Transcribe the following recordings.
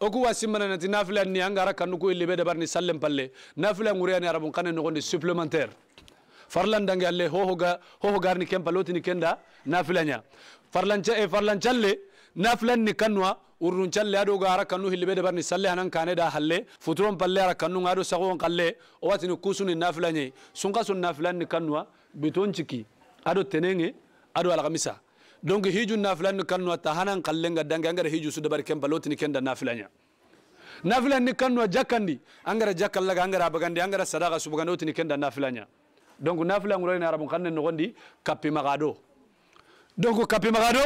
oku wasimana nati nafila ni angara kanuku ilebe dabar ni sallem palle nafila ngure ni arabun kanen nogondi supplémentaire farlan dange alle hohoga kempa loti ni kenda nafila nya farlanca e farlancalle nafilan ni kanwa urun challe ado ara kanu hilibe de barni salle hanan kane da halle futuron palle ara kanu sago sagon kalle o watini kusuni nafilan ye sunka sun nafilan ni kanwa biton chiki ado tenenge ado algamisa donc hiju nafilan ni kanno ta hanan kallenga danga angara hiju su dabar kempa lotini kenda nafilanya nafilan ni kanno jakandi angara jakallaga angara bagandi angara sadaqa su bagandi lotini kenda nafilanya donc nafila ngurori arabu arabun kanne kondi kapi magado donc kapi magado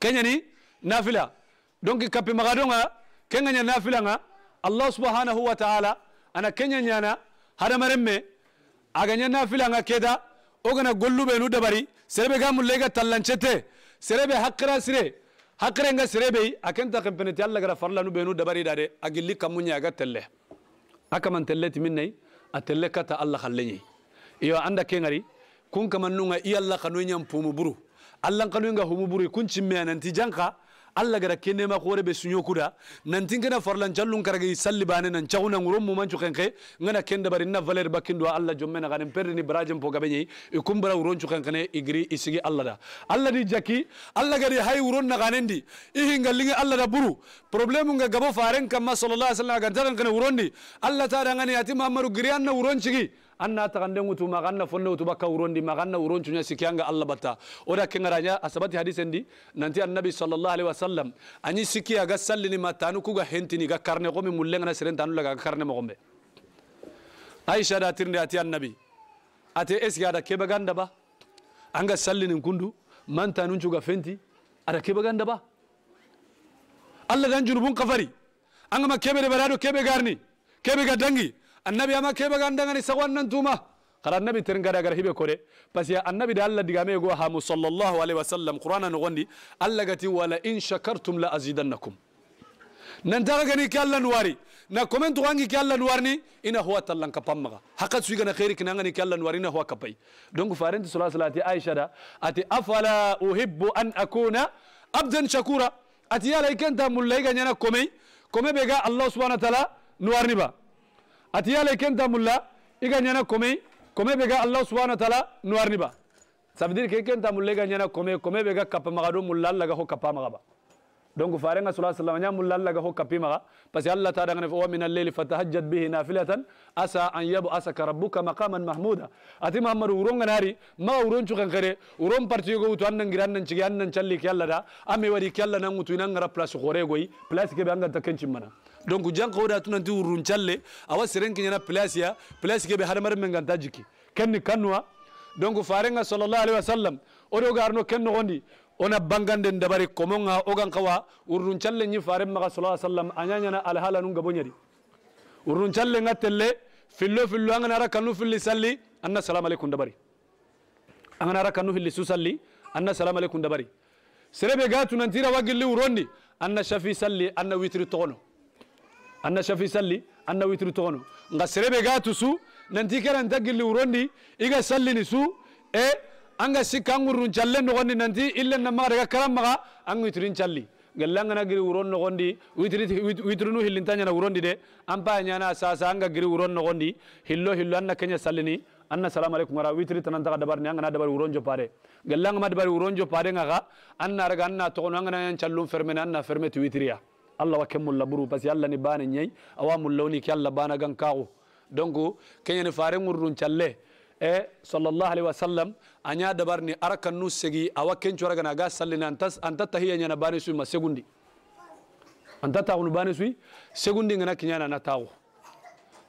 kenya ni nafila donc kapi magado nga kenya ni nafila nga allah subhanahu wa ta'ala ana kenya nyana hada maremme aganya nafila nga keda ogana gollube nu dabari serebe mullega tallanchete serebe hakkira sire hak sirebe akenta kempeneti alla gara farla nu benu dabari dade agilli kamunya aga telle akaman telle timinnai atelle kata alla khallenyi iyo anda kengari kun kamannu nga iyalla kanunya mpumu buru alla kanunya humuburu kun chimme nanti janka alla gara kennema kore be sunyo kuda nantin kana farlan jallun karagi salli bane nan chawna ngurum mu manchu kenke ngana kenda bari na valer bakindo alla jommena ganem perri ni barajem po gabenyi e kumbara uronchu kenkane igri isigi alla da alla di jaki alla gari hay uron na ganendi ihingalinga alla da buru Problem nga gabo faren kamma sallallahu alaihi wasallam ga daran kana urondi alla ta dangani ati muhammadu giriyan na uronchigi anna taganden gutu maganna fonne gutu bakka urondi maganna uron cunya sikiyanga allah bata batta oda kengaranya asabati hadisen di nanti annabi sallallahu alaihi wasallam anyi sikiya ga sallini matanu kuga hentini ga karne gomi mullengana serentanu laga karne mogombe aisha da tirnde ati annabi ate eski ada keba ganda ba anga sallinin kundu mantanun ga fenti ada keba ganda ba allah dan junubun kafari ma kebe de barado kebe garni kebe ga dangi النبي أما كيف كان دعاني سوان ننتوما قال النبي ترن ترنجا دعاري هيبه كوري بس يا النبي ده الله دعامي يقول هام صلى الله عليه وسلم قرآن نغني الله قتي ولا إن شكرتم لا أزيدنكم ننتهى كني كلا نواري نكمن تواني كلا نوارني إن هو تلان كبامغا حقت سوينا خيرك نعاني كلا نواري إن هو كباي دونك فارنت صلاة صلاة عائشة أتي أفلا أحب أن أكون عبدا شكورا أتي يا عليك أنت ملاك أنا كومي كومي بيجا الله سبحانه وتعالى نوارني بقى atiyale kenta mulla iga nyana kome kome bega allah subhanahu wa taala nuarniba ça veut kenta mulla iga nyana kome kome bega kapa magado mulla allah kapa magaba دونك فارين صلى الله عليه وسلم يقول لك كبيما بس يلا ترى ان هو من الليل فتهجد به نافله اسى ان يبو اسى كربك مقاما محمودا اتي محمد ورون غناري ما ورون شو غنغري ورون بارتي يقول تو انن غران نن جيان نن تشلي كيلا دا امي وري كيلا نن تو نن غرا بلاص غوري غوي بلاص كي بانغا تكنشي منا دونك جان قودا تو نتي ورون تشلي او سيرين كينا بلاص يا بلاص كي بهار مر من غنتاجكي كن كنوا دونك فارين صلى الله عليه وسلم ورو غارنو كن غوندي ona banganden dabari komonga ogan kawa urrun challe nyi fare maga sallallahu alaihi wasallam anyanya na alhala nun gabonyari urrun challe ngatelle fillo fillo angana rakanu filli salli anna salam alaikum dabari angana rakanu filli su anna salam alaikum dabari serebe gatu nantira wagilli urondi anna shafi salli anna witri tono anna shafi salli anna witri tono nga serebe gatu su nanti kera ntagilli urondi iga salli ni su e eh, anga sikka ngurun challe nogondi nanti ille namma daga karam maga angu itrin challi gallangana giri uron nogondi witri witrinu hillintanya na urondi de ampa nyana sasa anga giri uron nogondi hillo hillo anna kenya sallini anna salam alaikum wara witri tananta taga dabar nyanga na dabar uronjo pare gallang ma dabar uronjo pare nga ga anna raga anna to ngana ngan challum fermen anna ferme tu witriya allah wa kemul laburu pasi Allah ni bana nyai awamul lawni ki allah bana gan kawo donc kenya ni fare ngurun challe e sallallahu alaihi wasallam anya dabarni arakan nu segi awaken chora gana ga sallina antas anta tahiya nyana bani su ma segundi anta ta unu bani su segundi ngana kinyana na tawo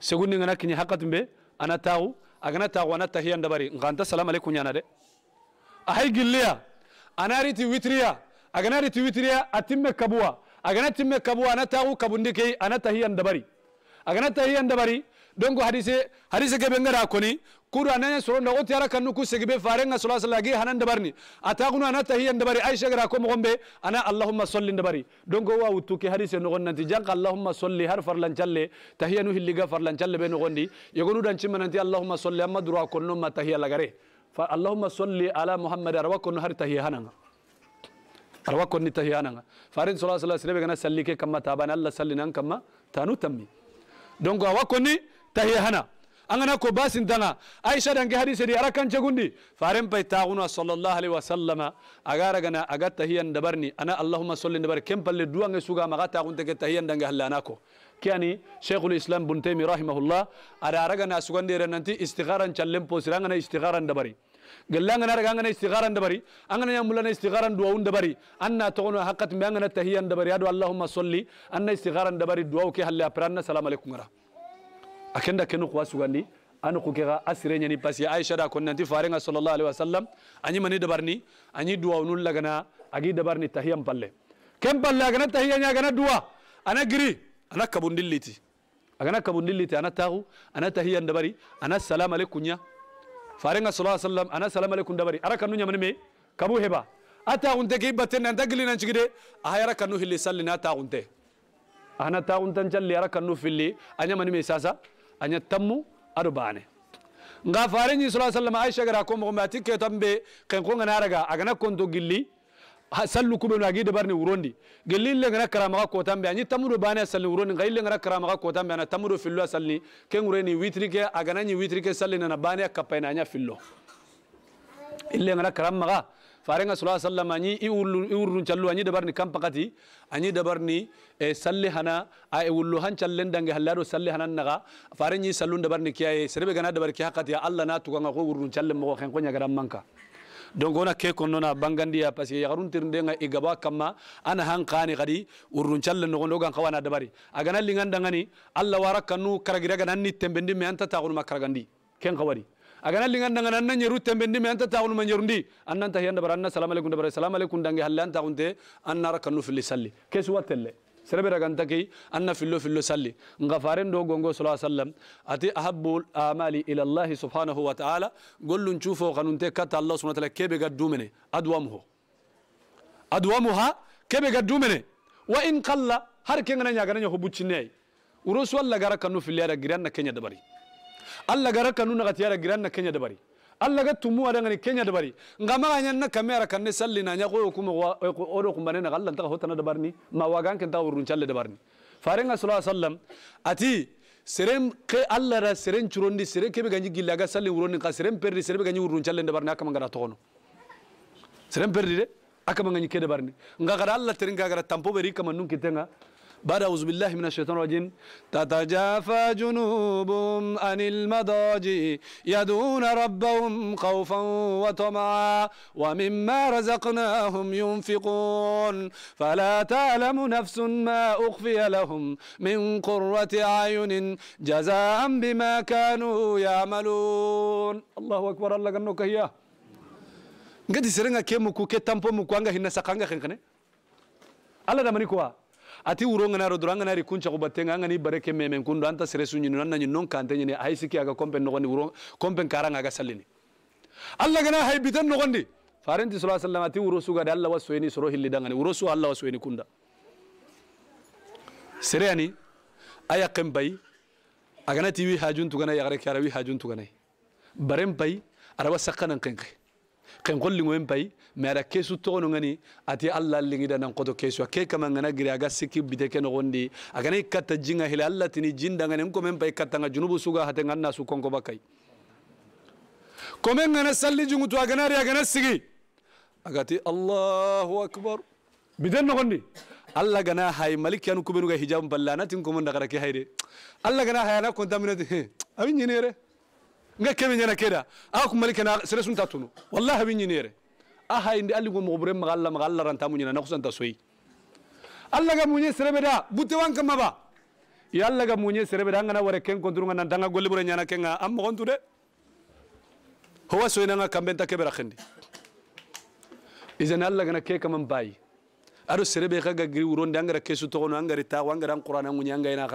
segundi ngana kinya hakatumbe ana tawo agana tawo ana tahiya dabari nganta salam alaikum nyana de ahay gilliya anariti witriya agana riti witriya atimme kabua agana timme kabua ana tawo kabundi kei ana tahiya dabari agana tahiya dabari donc hadise hadise gebe ngara koni كورانا سرون نقول ترى كنو كوسجب فارن صلى الله عليه وسلم هنا ندبرني أتاقنا أنا تهي ندبري أي شيء راكم غنبه أنا اللهم صل ندبري دون جوا وتوكي هري سنقول نتيجة اللهم صل هر فرلان جلة تهي نو هلقة فرلان جلة بينقولني يقولوا دانشي من أنتي اللهم صل أما دروا كنو ما تهي لغري فاللهم صل على محمد روا كنو هر تهي هنا روا كنو تهي هنا فارن صلى الله عليه وسلم كنا سلكي كم تابان الله سلنا كم تانو تمي دون جوا كنو تهي هنا أنا كوباس دنا عائشة هذه حديث أراك أركان جغندي فارم بيت تاعونا صلى الله عليه وسلم أغار غنا أغات تهيان دبرني أنا اللهم صلي دبر كم بل دوان سوغا مغا تاعون تك تهيان دنك هلاناكو كاني شيخ الإسلام بن تيمي رحمه الله أرى غنا سوغان دي رننتي استغارا چلم بوسران استغارا دبري قلنا أنا رجعنا استغارا دبري أنا يا مولانا استغارا دواون دبري أنا تقولنا حقت ما أنا تهيان دبري يا اللهم صلي أنا استغارا دبري دواو كهلا برانا سلام عليكم ورحمة akenda kenu kwa sugandi anu kukega asire nyani pasi aisha da kon nanti farenga sallallahu alaihi wasallam anyi mani dabarni anyi duwa unul lagana agi dabarni tahiyam palle kem palle agana tahiyanya agana duwa ana giri ana kabundilliti agana kabundilliti ana tahu ana tahiyan dabari ana salam alaikum ya farenga sallallahu alaihi wasallam ana salam alaikum dabari ara kanu nyamani me kabu heba ata unte ke batte nan dagli nan chigide ahayara kanu hilli salli na ta unte ana ta untan challi ara kanu filli anya mani me sasa أن يتموا أربعة nga farenyi sallallahu alaihi wasallam aisha gara ko mo mati ke tambe ken ko ngana raga agana kon do gilli sallu kube no agide barni wurondi gelli le ngana karama ko tambe anyi tamudo bana salli wurondi ngai le ngana karama ko tambe ana tamudo fillo salli ken ureni witri ke agana nyi witri ke salli na bana kapaina nya fillo ille ngana karama farenga sallallahu alaihi wasallam anyi i iwurrun challu anyi ni kam pakati anyi ni e salli hana e wullu han challen dange hallado salli hana naga farenyi sallun ni kiyaye eh, serbe gana dabar kiya hakati ya Allah na tuganga ko wurrun challe mo khen ko manka donc a ke kon noon a bangandiya par ce que tirnde nga e gaba kamma ana han kani kadi urrun calle nogondo gan kawana dabari agana dangani allah warakanu karagira ganan tembendi me anta tagunuma karagandi ken kawari agana lingan dangan anna nyeru tembendi me anta taawul ma nyerundi anna anta hiyanda baranna salam alaikum dabara salam alaikum dange halle anta unte anna rakanu fil salli kesu watelle serebe raganta kay anna fillo fillo salli nga faren do gongo sallallahu alaihi wasallam ati ahabbu amali ila allah subhanahu wa ta'ala gollun chufo kanunte kata allah subhanahu wa ta'ala kebe gaddumene adwamuhu adwamuha kebe gaddumene wa in qalla har kenga nanya gananya hubuchinai urusu allah gara kanu filiya da giranna kenya dabari alla gara kanuna gatiyara giranna kenya dabari alla ga tumu ada ngani kenya dabari ngama ga nyanna kamera kanne salli na nya ko kuma odo kuma ne na alla ta hotana dabarni ma wagan kan ta urun challe dabarni farenga sallallahu alaihi wasallam ati serem ke alla ra seren churondi sere kebe ganyi gilla ga salli urun ka serem perdi sere be ganyi urun challe dabarni akama ngara tokono serem perdi de akama ganyi ke dabarni ngaga alla terin ga gara tampo beri kama nun kitenga بعد أعوذ بالله من الشيطان الرجيم تتجافى جنوبهم عن المضاجع يدعون ربهم خوفا وطمعا ومما رزقناهم ينفقون فلا تعلم نفس ما أخفي لهم من قرة أعين جزاء بما كانوا يعملون الله أكبر الله أكبر هي قد سرنا أكبر الله أكبر الله هنا الله أكبر الله دمني أكبر ati wuro ngana ro duranga nari kuncha ko batenga ngani bareke meme kundo anta seresu nyinu nanna nyinu non kante aga kompen no gondi kompen karanga aga salini Allah gana hay bitan no gondi farenti sallallahu alaihi wasallam ati wuro suga de wasweni soro hilli dangani wuro su wasweni kunda sereyani aya kembay agana tiwi hajun tugana gare kara wi hajun tugana barem bay arawa sakkanan kenke ken golli ngoen pay mera kesu tono ngani ati alla lingi da nan qoto kesu ke kama ngana giri aga sikki bite ken gondi aga ne katta jinga hila alla tini jinda ngani ko men pay katta nga junubu suga hate nganna su konko bakai ko men ngana salli jungu to aga nari aga sigi aga ti allahu akbar biten no gondi alla gana hay malik yanu kubenu ga hijab ballana tin ko mon da garake hayde alla gana hayana kontaminati abi nyinere nga kebe nyana keda a ku malika na sere sun tatunu wallahi bin yinere a ha indi alli gomo bure magalla magalla ranta munyana na kusanta soyi alla ga munye sere beda butte wanka maba ya alla ga munye sere beda ngana ware ken konturu ngana danga golle bure nyana kenga am kontu de howa soyi nanga kambenta kebera khindi idan alla gana kaman bayi ado serebe kaga giri wuronde angara kesu angara an qur'an angunya angayina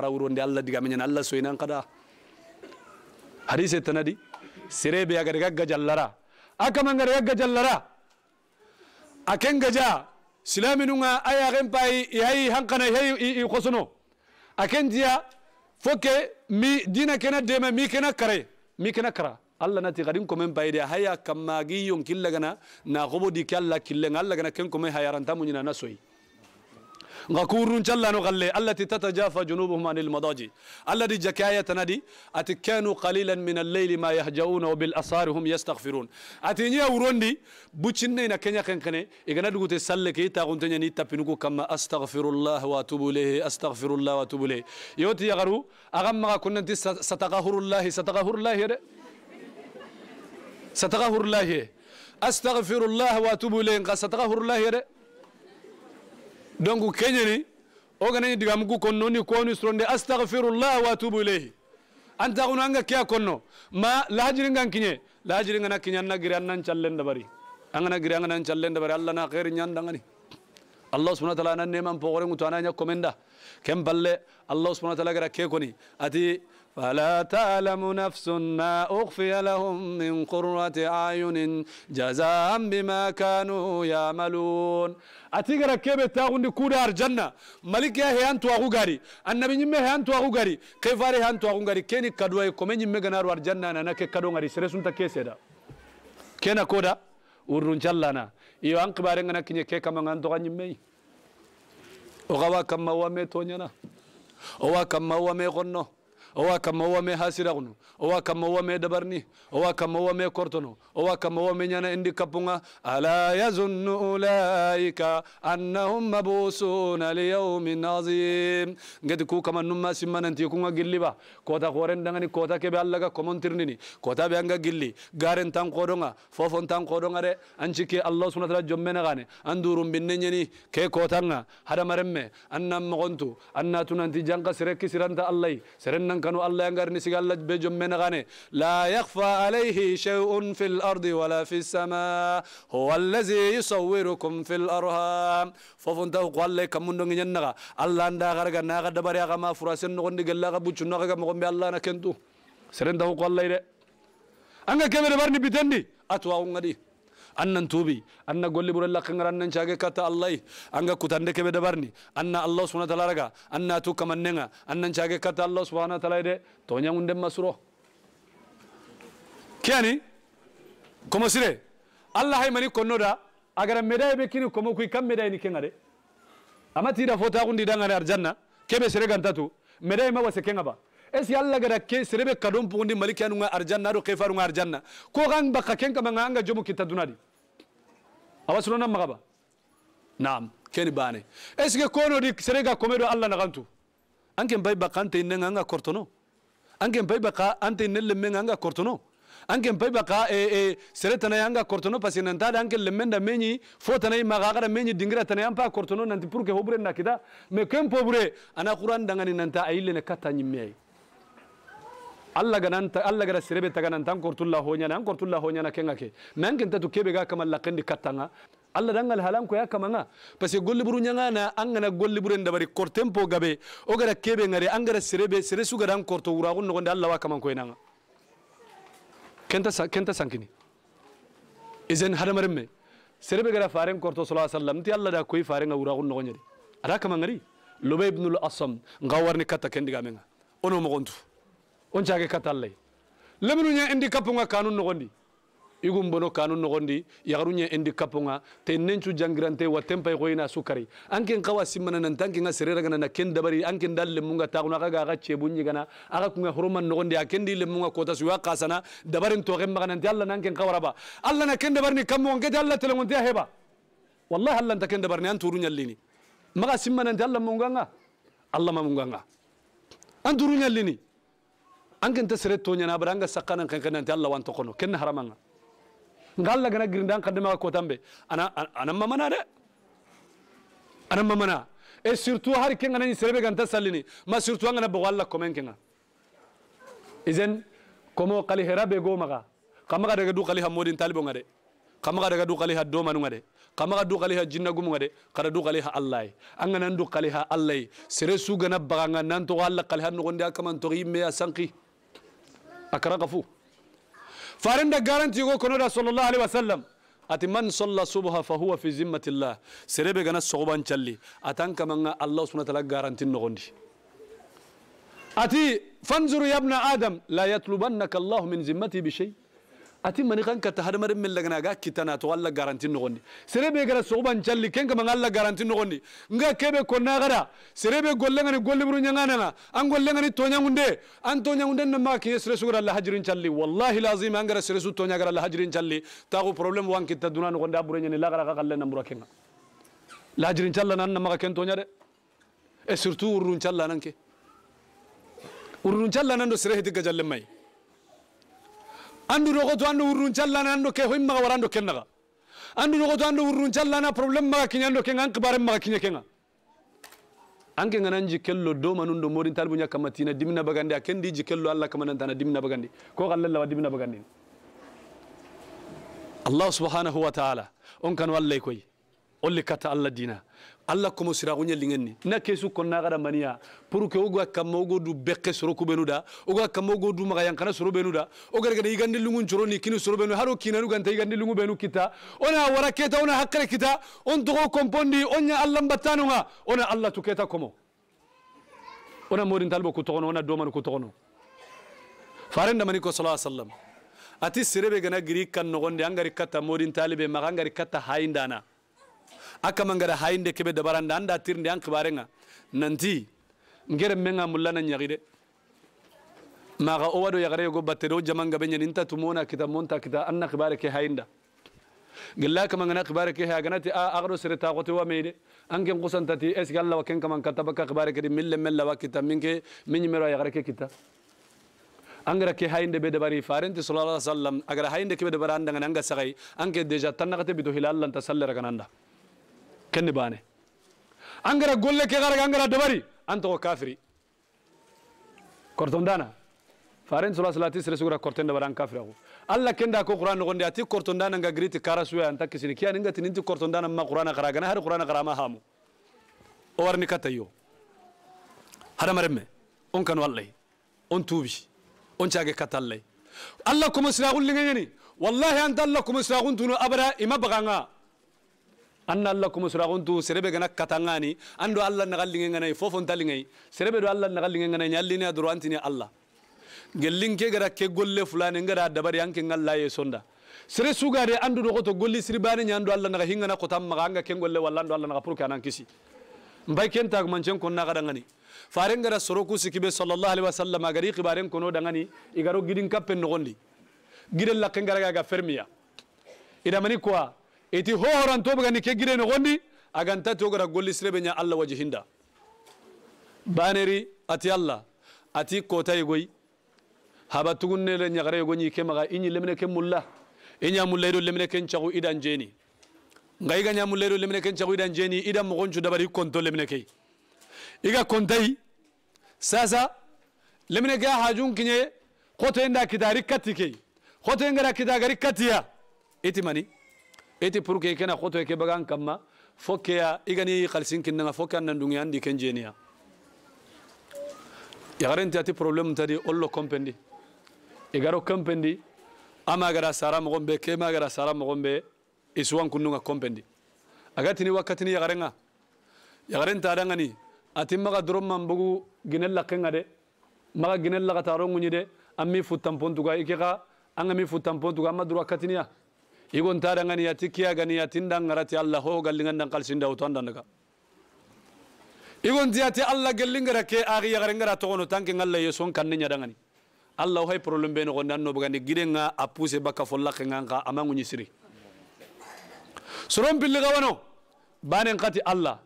hadise tanadi sirebe gari gagga jallara man gari gagga jallara ken gaja aya ayaken pai yi hankana ihai a ken jiya foke mi dina kena dema mi kena kare mi kena kara allah nati kadin komen payde haya gi yon gana na gobo di kalla killa allah gana ken kome hayarantamuñina na soyi غكور جل نغلي التي تتجافى جنوبهم عن المضاجع الذي جكاية تنادي أتي كانوا قليلا من الليل ما يهجعون وبالأسار هم يستغفرون أتي نيا وروندي بوتشيني نكنيا كنكني إغنا دوغو تسلك إيتا غنتنيا نيتا كما أستغفر الله وأتوب له أستغفر الله وأتوب له يوتي يغرو أغمى كنا ستغفر الله ستغفر الله ستغفر الله أستغفر الله وأتوب إليه ستغفر الله donc keñeni o ganani digamugu konno ni koni soronde astahfirullah wa atubu ilayhi antaxunu anga ke a konno ma lahajiringan kiñe lahajiringana kiñe na giri annan callen dabari angana giri angana callen dabari allah na xeeri ñandangani allah wa taala ana neman poxorengutu ana ña komenda ken balle allah wa taala gara ke koni ati فلا تعلم نفس ما أخفي لهم من قرة أعين جزاء بما كانوا يعملون أتيجر كيف تاخد كورة الجنة ملك يا هي أنتوا أقو غاري النبي نيم هي أنتوا أقو غاري كيف أري أنتوا أقو غاري كني كدوا يكمل نيم جنار الجنة أنا كدوا غاري سرسون تكيسيدا كنا كودا urun jallana iyo an kibare ngana kinye ke kama ngan to ganyi mei o gawa kama wa me to nyana o wa kama wa owa kamma wome hasiraxunu owa kamma wome dabarni owa kamma wome kortono owa kamma wome ñana indi kappunga ala yazunnu ulaika annahum mabusuna liyaumin azim ngeti ku kama numma simmananti kunga gilliba kota xoren dangani kota kebe allaga komontirnini kota be anga gilli garen tan xodonga fofon tan xodonga de anci ke allah subhanahu wa ta'ala jommene gane an durum binne ñeni ke kotanga hadamaremme annan moxontu annatunanti janqa sire kisiranta allah seren nanka كانوا الله ينقر نسيقال بجم من غني لا يخفى عليه شيء في الأرض ولا في السماء هو الذي يصوركم في الأرهام ففون تاو قوال لك من دون ينغا الله ندا غرغا ناغا دبريا ما فراسن نغن دغلا غبوچ نغا مغم الله نكنتو سرين سرندو قال لي ده أنا كاميرا برني بتندي أتوا أونغدي annan tuubi anna golli bure lakkangar annan chaage katta allahi anga kutande kebe dabarni anna allah subhanahu wa ta'ala raga anna tu kamannenga annan chaage katta allah subhanahu wa ta'ala ide tonya unde masuro kiani komo sire allah hay mani konnoda agara medaye be kini komo kuy kam medaye ni kengade amati da fota undi dangane arjanna kebe sire gantatu medaye ma wase kenga ba esi alla gara ke serebe kadon pugundi maliki anunga arjanna do kefaru arjanna ko gan baka ken kama nga anga jomu kita dunadi abasuna nam magaba naam keni bane est ce que kono di serega do alla nagantu anke mbay baka ante inne nga kortono anke mbay baka ante inne lemme nga kortono anke mbay baka e e seretana yanga kortono parce que nanta da anke lemenda menyi fotana i magagara menyi dingira tana yampa kortono nanti pour que hobre nakida mais kempo bure ana qur'an dangani nanta ayile ne kata nyimme alla gananta alla gara tagana tagananta an kortulla hoñana an kenga ke mais an kenta tu kebe ga kamal lakendi kattanga alla dangal halan ko yakamanga parce que golli buru ñagana an gana golli buren dabari kortempo gabe o gara kebe ngare an gara sirebe sere sugara an korto wuraxun nogonde alla wa kaman koyenanga kenta, kenta sankini isen hadamaren me serebe gara faren korto sala sallam ti alla da koy farenga wuraxun nogoñadi ada kamangari lobe ibnul asam nga warni on caage katallay lemunuña indi kanun nogondi igum bono kanun nogondi yagaruña indi kappunga te nencu jangirante watten pay koyina sukari anken kawa simmana nanta anken ga sereragana na ken dabari anken da lemunga taxuna axaga axa cebuñigana axa kunga huruman nogondi a kendi lemunga kotasuwa kasana dabarin toxen maxanante allah na anken kawaraba allah na ken dabarini kammogon kete allah telengonte dia ya heba wallahi allah nta ken dabarini an turuñallini simana simmanante allah munganga allah ma munganga an turuñallini angin ta tuanya to nah nyana bara anga sakkanan kankanan Allah wanto kono ken haramanga ngalla gana girindan kadema ko tambe ana ana mamana de ana mamana e eh, surtout har ken ngana serebe ganta sallini ma surtout ngana komen kenga izen komo kalihera herabe go maga kamaga daga du qali hamodin talibo ngade kamaga daga do manu ngade kamaga du qali jinna kada du qali allah angana du qali ha allah sere su gana baga nan to walla qali أكرغفو فارند غارنتي يقول كنودا صلى الله عليه وسلم أتي من صلى الصبح فهو في ذمة الله سربي غنا صوبان تشلي أتان كما الله سبحانه وتعالى غارنتي نغوندي أتي فانظر يا ابن آدم لا يطلبنك الله من ذمتي بشيء ati mani kan kata har marin min lagana ga kitana to Allah garanti no gondi sere gara soban jalli kenga kam Allah garanti no gondi nga kebe ko na gara serebe be golle ngani golle buru nyanga na an golle ngani to nyangunde an to nyangunde na ma ke sere sugara la hajrin jalli wallahi lazim an gara sere su to nyagara Allah hajrin jalli ta ko problem wan kitta duna no gonda buru nyani lagara ga galle na mura kenga la hajrin jalla nan na ma ken to nyade e surtout urun jalla nan ke urun jalla nan do sere hedi ga jalle mai አንዱ ዶቆቱ አንዱ ውሩን ቻላና አንዱ ከ ሆይማ ወራንዶ ከነጋ አንዱ ዶቆቱ አንዱ ውሩን ቻላና ፕሮብለም ማኪኛ አንዱ ከን አንክ ባረ ማኪኛ ከን አንከ ngana nji kello do manundo modin talbu nya kamatina dimna bagandi akendi ji kello alla kamanan tana dimna bagandi ko kallalla dimna bagandi allah subhanahu wa ta'ala on kan wallay koy olli kata alla dina alla komo siraku ɲɛ liŋen ni na kesu kɔnna hadamaniya pour que wo ga kanma du bɛkɛ soro ku benu da wo ga kanma wo du soro benu da wo gɛrɛgɛdɛ igandi lungu coro ni kini soro benu haro kinanu ganta igandi lungu benu kita wo wara keta wo na kita on togo kompondi on alla nbattanu ŋa wo alla tu keta komo wo modin talibo ku tɔgɔnɔ wo na domani ku tɔgɔnɔ faren damani ko sala sallam ati sirebe gana giri kan nogondi angari katta modin talibe maga angari katta hayindana aka mangara hainde kebe dabaranda anda tirnde an kibarenga nanti ngere menga mullana nyagide maga o wado yagare go batte jamanga benya ninta tumona kita monta kita anna kibare ke gilla kama ngana kibare ke haganati a agro sere taqoti wa meede anke ngusantati es galla wa ken kama katabaka kibare ke mille mella wa kita minke minyi mero yagare ke kita angara ke hainde be dabari farenti sallallahu alaihi wasallam agar hainde ke be dabaranda ngana anga sagai anke deja tanakate bidu hilallan tasallara kananda kenni baane an gara golle ke karaga an dabari an togo kafiri korton dana faren sula salati sere sugura korten dabari an kafira ko alla kenda ko qur'an gonde ati korton dana nga griti karasuya anta kisini kiyani ngati ninti korton dana ma qur'ana karaga na har qur'ana karama hamu o warni katayo hada maremme on kan wallahi on tuubi on caage katallay alla kuma siragul lingeni wallahi anta alla kuma siragun tunu ima baganga anna allah kuma suraguntu serebe gana katangani ando allah nagalinge ngana fofon talinge serebe do allah nagalinge ngana nyalline adro antini allah gellinke gara ke golle fulane ngara dabari anke ngalla sonda sere sugade andu do goto golli sirbane nyando allah naga hingana ko tam maga ken golle walla ando allah naga purka nan kisi mbay ken tag manchen kon naga dangani faren gara soroku sikibe sallallahu alaihi wasallam agari qibaren kono dangani igaro gidin kappen no gondi gidel lakken gara ga fermiya idamani kwa iti ho horantoɓe gandi keggirene gondi agan tati golli gollisreɓe ña allah wajihinda. hinda baneri ati allah ati kotaye goy haba tugunnele ñagare go ñi ke maga iñi lemine ke mulla iña mullayɗo lemine ken cahu idan jeeni ngay ga ña mullayɗo lemine ken cahu idan jeeni idan mogoncu dabari konto lemine key iga kontayi sasa lemine ke a hajun kiñe xotoye nda kitari katti key xotoye ngara kita gari kattiya mani. eti pour ke kena khoto ke bagan kamma fokkeya igani khalsin kinna fokkan nan dungi andi kenjeniya yagarenti ati problem tadi ollo kompendi igaro kompendi ama gara saram mo gombe ke ma gara sara mo gombe iswan kunnunga kompendi agati ni wakati ni yagarenga yagarenta dangani ati maga drom mambugu ginella kenga de maga ginella gataro ngunyi de ammi futampontuga ikega angami futampontuga madru akatiniya igon ta danga niya tikiya ga niya tindan ngarati Allah ho gallingan dan kalsin da utan daga igon ti Allah gallin gara ke ari ya garengara to ono tanke ngalla ye son nya dangani Allah hay problem be no gondan no bagandi gidenga apuse baka folla kenga nga amangu ni siri soron billi gawano banen kati Allah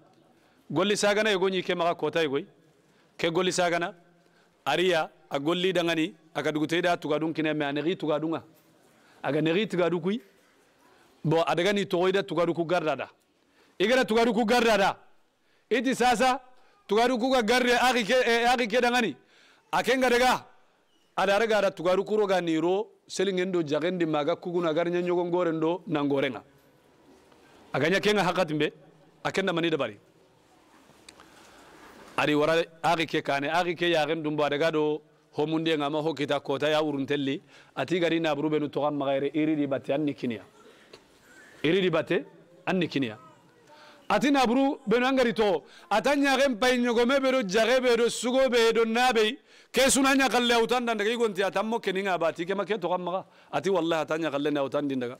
golli sagana e ke maka kota e ke golli sagana ariya a golli dangani aga duguteda tugadun kine me anegi tugadunga aga negi tugadukui bo adagani togoida tugaru kugardada igara tugaru kugardada iti sasa tugaru kuga garre akike eh, akike dangani akenga daga adara gara tugaru kuro ganiro selingendo jagendi maga kuguna garnya nyogo ngorendo nangorenga aganya kenga hakatimbe akenda mani dabari ari wara akike kane akike yagen dumba daga do homunde ngama hokita kota ya uruntelli ati gari na burubenu togan magaire iri di batian nikiniya iri dibate anni kiniya ati naburu beno angari to ata ñaken pay ñogome ɓeɗo jaxe ɓeɗo sugo ɓeɗo naɓey ke suna ñakalle awtan dandaga igonti atan keninga bati kema ke toxan maxa ati wallahi ata ñakalle ne awtan dindaga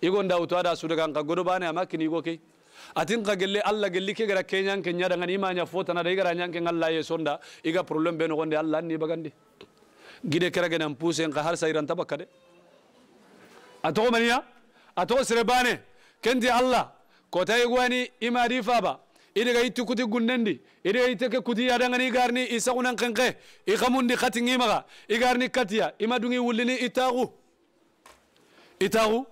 igonda awto ada sudaga nxa godo bane ama kini igo key Ati xa gelle allah gelli ke gara keñan ke ñadangani imaña foto i gara ñanke ngalla ye sonda iga problem beno gonde allah ni bagandi gide keragenan pousse puse har sairan tabakade. de a a sire bane kendi allah ko kotai gwani imadi faba idiga itti kuti gunnendi idiga iteke kuti yadangani igarni isakunan kenke ikamundi i garni katiya imadungi wullini itagu itagu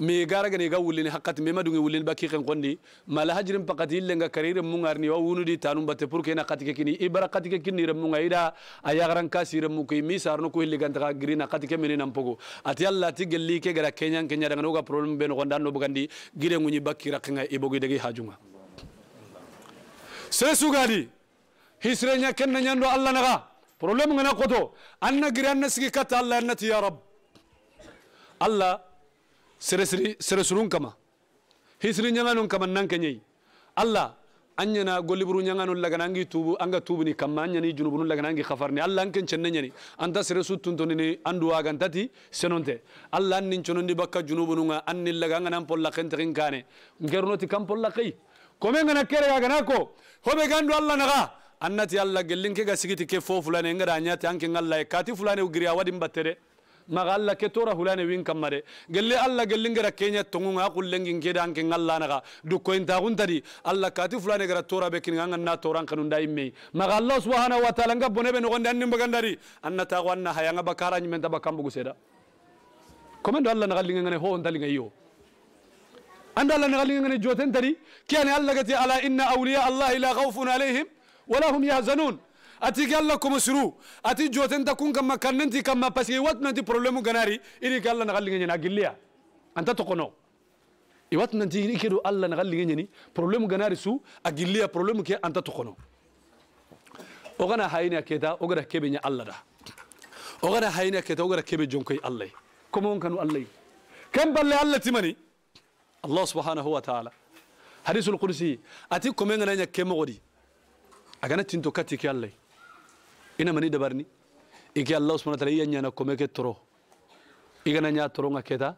mi garagani ga wulini hakkati mema dungi wulini ba kiken kondi mala hajirin pakati illenga karire ni wa wunudi tanum bate purke kena katike kini ibara katike kini re munga ida ayagaran kasire mu kuy misarno ko hilli ganta girina katike meni nam pogo ati alla ti ke gara kenyan kenya daga no ga problem be no gonda no bugandi gire ngunyi bakira kinga ibogi degi hajunga sesu gadi hisre nya na nyando alla naga problem ngana koto anna giranna sigi kata alla nati ya rab alla sere surun kama hisri ñanganun kama nan keñeyi allah an ñana golli buru ñanganun lagana angi tubu anga tubuni kamma an ñani junubunu lagana angi hafarni allah an ken cenne ñani anta sere su tuntonini anduwagantati senonte allah an nin conondi bakka junubununga an nin laga anganan pollakentexin kane ngernoti kam pollakey kome ngana kere agana ko hobe gandu allah naga annati allah gellin ke ga sigiti ke fo fulane ngada ñati anke ngallaye kati fulane ugiriya wadin battere ما قال لك تورا هلاني وين كم مرة قال لي الله قال لي غير كينيا تونغ أقول لك إن كده أنك الله نغا دكوين تاعون تري الله كاتي فلان غير تورا بكين عن النا تورا كنون دايم مي ما قال الله سبحانه وتعالى عن بني بنو عن دنيم بعند تري أن تاعون نها يعنى بكارا نيم تبا كم بقول كمان الله نغا لين عن هو عندنا لين يو عند الله نغا لين عن جوتين تري كيان الله قتي على إن أولياء الله لا خوف عليهم ولا هم يحزنون ati galla komosuru ati joten ta kun kama kannanti kama paske wat nanti problemu ganari iri galla na galli ngena gilliya anta to kono i wat nanti iri kedo alla na galli ngeni problemu ganari su agilliya problemu ke anta to kono ogana hayna keda ogara kebe nya alla da ogana hayna keda ogara kebe jonkoy alla komo kanu alla kam balle alla timani allah subhanahu wa ta'ala hadisul qudsi ati komen ngana nya kemo godi agana tinto katike inamani dabarni ike allah subhanahu wa ta'ala yanyana komeke toro igana nya toro ngaketa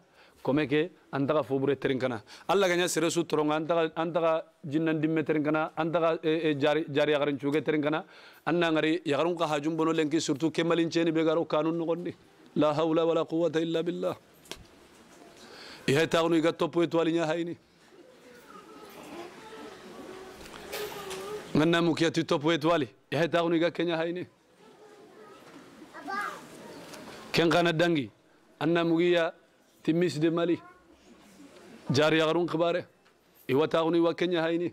komeke antaga fobure terinkana allah ganya seresu toro antaga antaga jinnan dimme terinkana antaga e, e, jari jari yagarin chuge terinkana anna ngari yagarun ka hajum bono lenki surtu kemalin cheni begaro kanun nogonni la hawla wala quwwata illa billah ihe tagnu iga topu etwalinya haini mukia tu topu etwali ihe tagnu iga kenya haini كن قانا دنجي أنا مغيا تميس دي مالي جاري يغرون خباره إيوا تاغنو إيوا كنيا هايني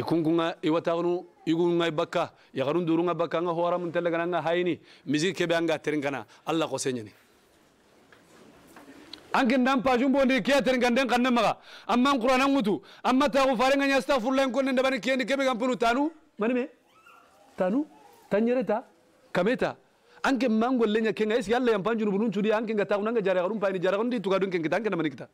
يكون كنا إيوا تاغنو يقول نعى بكا يغرون دورون بكا نعى هوارا من تلقنا نعى هايني مزيك كبيان قاترين كنا الله قوسيني ankin dan pajun bondi kiyatin ganden kanne maga amma qur'anan mutu amma ta ku farenga nya astaghfirullah kon ne dabani kiyen kebe kan pulu tanu mani me tanu tanyere ta kameta anke mangolle nya kenga is yalla yam panjunu bunun chudi anke ngata unanga jara garum pani jara gondi tuga dun kenga anke namani kita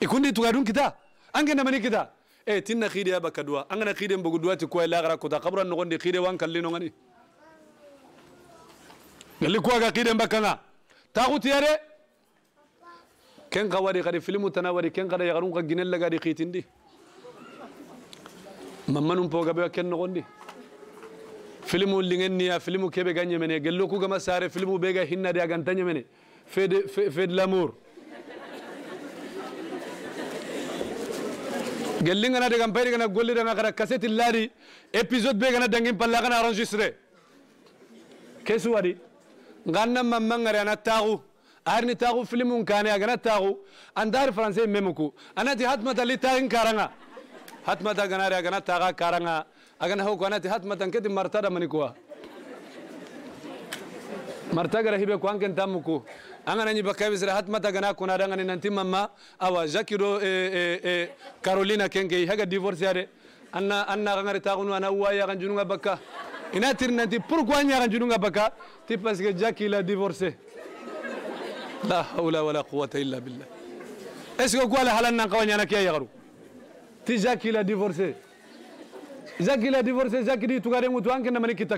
ikundi tuga dun kita anke namani kita e tinna khide ya bakadwa angana khide mbugu duati ko ila gara ko ta qabran ngondi khide wan kallino ngani galli ko ga khide mbakanga taquti yare ken qawari qari filmu tanawari ken qara yarun ka ginella gadi khitindi mammanum poga be ken ngondi filimu lingenniya filimu keɓe ga ñemene gello kugama sare filimu ɓega hinnade aganta ñemene fede fede l'amour gellingana degam payri gana gollidanga kata cassette laadi épisode ɓe gana dangin palla gana enregistré kesu waɗi ganna mammangare ana taxu arni taxu filimum kane agana taxu antari français meme ku anati hatmata li taxin karanga hatmata ganari agana taxa karanga أنا هو كانت هات متن كده مرتدا منكوا مرتجا رهيبة كوان كن تامكو أنا نجي بكاي بس رهات متى كنا كنا رعنا ننتي ماما أو جاكيرو إيه، إيه، إيه، كارولينا كنكي هكذا ديفورس ياره أنا أنا عنا رتاعون أنا هو يا كان جنونا بكا إن تير ننتي بور كوان يا كان جنونا بكا تبص كجاكيلا ديفورس لا حول ولا قوة إلا بالله إيش كقول حالا نقول يا نكيا يا غرو تجاكيلا ديفورس zaki la divorce zaki di tukare mutu anke na mani kita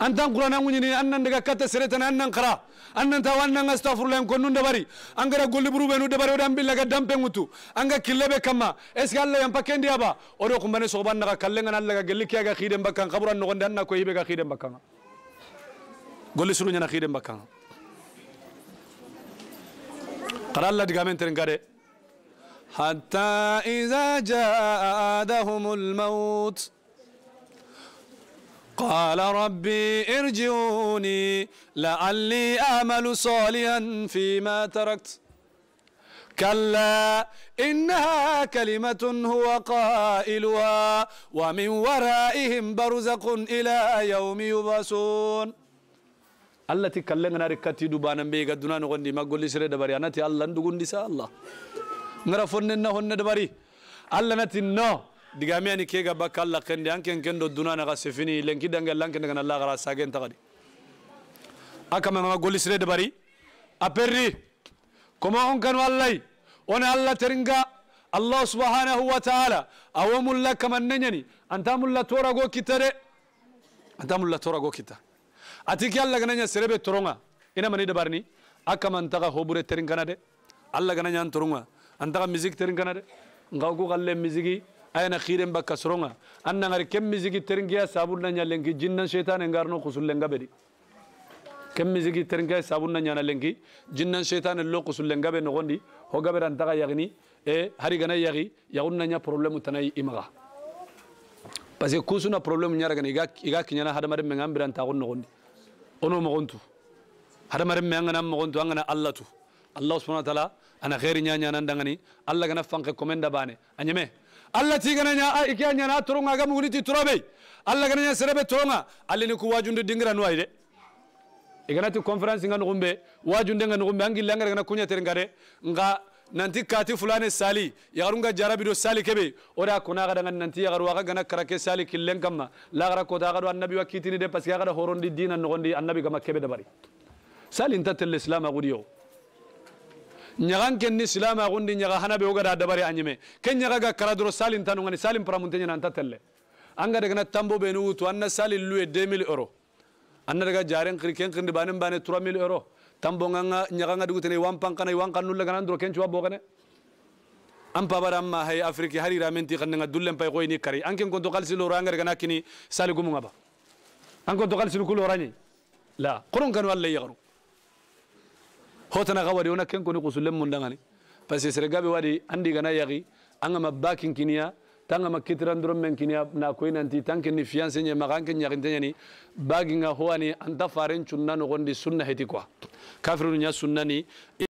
antan qur'ana ngunyini annan daga kata seretan annan qara annan taw annan astaghfirullah en konnun dabari angara golli buru benu dabari odan billa dampe ngutu anga killebe kama eska alla yam pakendi aba odo kumbane soban naga kallengan alla ga gelli kiyaga khidem bakkan no gonde ko hibe ga khidem bakkan golli suru nyana khidem bakkan qara alla digamen teren gade حتى إذا جاء الموت قال ربي ارجعوني لعلي أعمل صالحا فيما تركت كلا إنها كلمة هو قائلها ومن ورائهم برزق إلى يوم يبعثون التي كلنا ركتي دبانا بيغدنا نغني ما قولي سري دبريانتي الله ندقون الله ngarafonnennahonne bari allah nati no digame ani kega bakka allah kende anken kendo dunanaga sefini lenki dange lankendegan allah gara sagen tagadi akamagaga de bari a perdi koma on kanu allahy one allah teringa allah subhanahu wa taala awo mulla anta mulla torago kitta de anta mulla torago kitta ati ke allah ganaña serebe toronga ina mani dabarni akamantaga hobure terin kana de allah ganañan toronga antaka musique terin kanade nga ku kalle musique ayana khiren bakka soronga anna ngari kem musique terin kiya sabun na nyalen ki jinnan shaitan engarno kusul lenga bedi kem musique terin kiya sabun na nyana lenki jinnan shaitan lo kusul lenga be nogondi ho gabe ran taka yagni e hari gana yagi yagun na nya problème tanai imaga parce que kusuna problème nyara gani iga iga kinyana hadamare mengambiran ta gon nogondi ono mogontu hadamare mengana mogontu angana allah tu allah subhanahu wa ta'ala ana nya nyanya nan dangani Allah gana fanke komenda bane anyeme Allah ti gana nya ai kya nya na turunga ga muguni ti turobe Allah gana nya serebe turunga, alle ni ku wajundu dingra no ayde igana ti conference ngan ngumbe wajundu ngan ngumbe angi langa gana kunya ter ngare nga nanti kati fulane sali ya yagarunga jarabi do sali kebe ora kuna ga dangan nanti ya aga gana karake sali killen kamma lagara ko da garu annabi ni de parce que aga horondi dinan nogondi annabi gama kebe da bari sali intatel islam agudiyo Nyagan ken ni silama gundi ñaga hanabe ogada dabari anyime ken ñaga ga karadro salin tanu ngani salin pramuntanya ñana anta telle anga daga na tambo be wutu anna salin luwe 2000 euro anna daga jaren kri ken kri banen bane 3000 euro tambo nganga nyaga nga dugutene wampan kana wankan nulla ganan dro ken chuwa bogane an pabara ma hay afrique hari ramenti kan nga dullen pay koyni kari an ken konto kalsi lo ranga daga nakini sali gumu ngaba an konto kalsi lo kulo ranyi la quron kan wallahi yagaru hotana kawadi ona ken koni kusulen mundangani dangani parce que sergabe wadi andi gana yaki anga mabakin kiniya tanga makitiran drum men kiniya na koy nanti tanke ni fiance nya maganke nya ginteni baginga hoani anta faren chunna no gondi sunna heti kwa kafiru nya sunnani